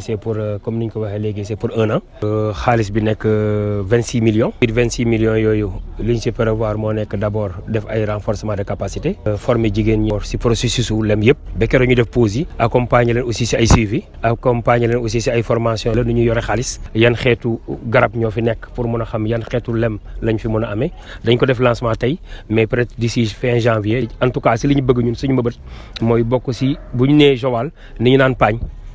c'est pour euh, comme ni ñu ko c'est pour un an. Khalis euh, bi nekk 26 euh, millions. 26 millions yooyu li ñu si prévoir moo que d'abord def ay renforcement de capacité. former jigéen ñi si processus wu lem yep. ba keroog ñu def pause yi. accompagner les aussi si ay suivi. accompagner les aussi si ay formation la nu ñu yore xaalis. yan xeetu garab ñoo fi nek pour mën a xam yan xeetu lem lañ fi mon a amee dañ ko def lancement tey mais peut d'ici fin janvier. en tout cas c'est li ñu bëgg ñun suñu mbëbët mooy bokk si bu ñu nee Joal ni ñu naan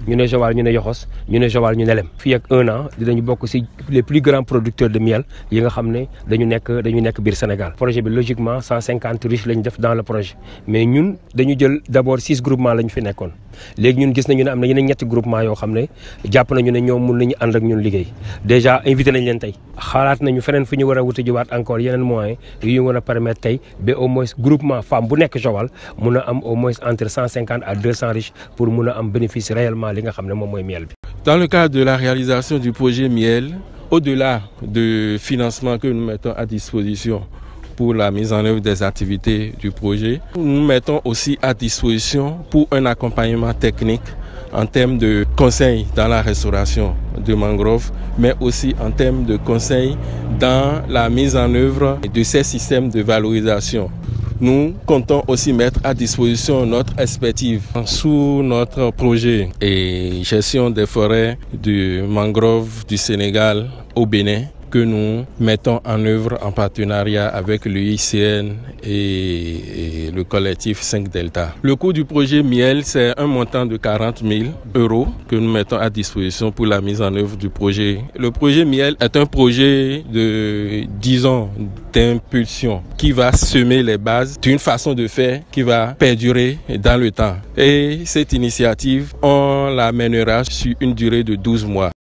ñu ne Joal ñu ne Yoxos ñu ne Joal ñu ne Lem fii ak un an dinañu bokk si les plus grands producteurs de miel yi nga xam ne dañu nekk dañu nekk biir Sénégal projet bi logiquement 150 riches lañ def dans le projet mais ñun dañu jël d' abord six groupements lañ fi nekkoon léegi ñun gis nañu ne am na yeneen ñetti groupement yo xamné japp nañu né ñoom mun nañu and ak ñun liggéey déjà invité nañ leen tay. xalaat nañu feneen fu ñu war wuti jiwaat encore yeneen moyens yu ñu mën permettre tay bé au moins groupement femme bu nekk Joal mëna am au moins entre 150 à 200 cent riches pour mëna am bénéfice réellement li nga xamné mom moy miel bi. Dans le cadre de la réalisation du projet miel, au-delà de financement que nous mettons à disposition pour la mise en œuvre des activités du projet. Nous mettons aussi à disposition pour un accompagnement technique en termes de conseils dans la restauration de mangroves, mais aussi en termes de conseils dans la mise en œuvre de ces systèmes de valorisation. Nous comptons aussi mettre à disposition notre expertise sous notre projet et gestion des forêts du mangrove du Sénégal au Bénin que nous mettons en œuvre en partenariat avec l'UICN et, le collectif 5 Delta. Le coût du projet Miel, c'est un montant de 40 000 euros que nous mettons à disposition pour la mise en œuvre du projet. Le projet Miel est un projet de, 10 ans d'impulsion qui va semer les bases d'une façon de faire qui va perdurer dans le temps. Et cette initiative, on la sur une durée de 12 mois.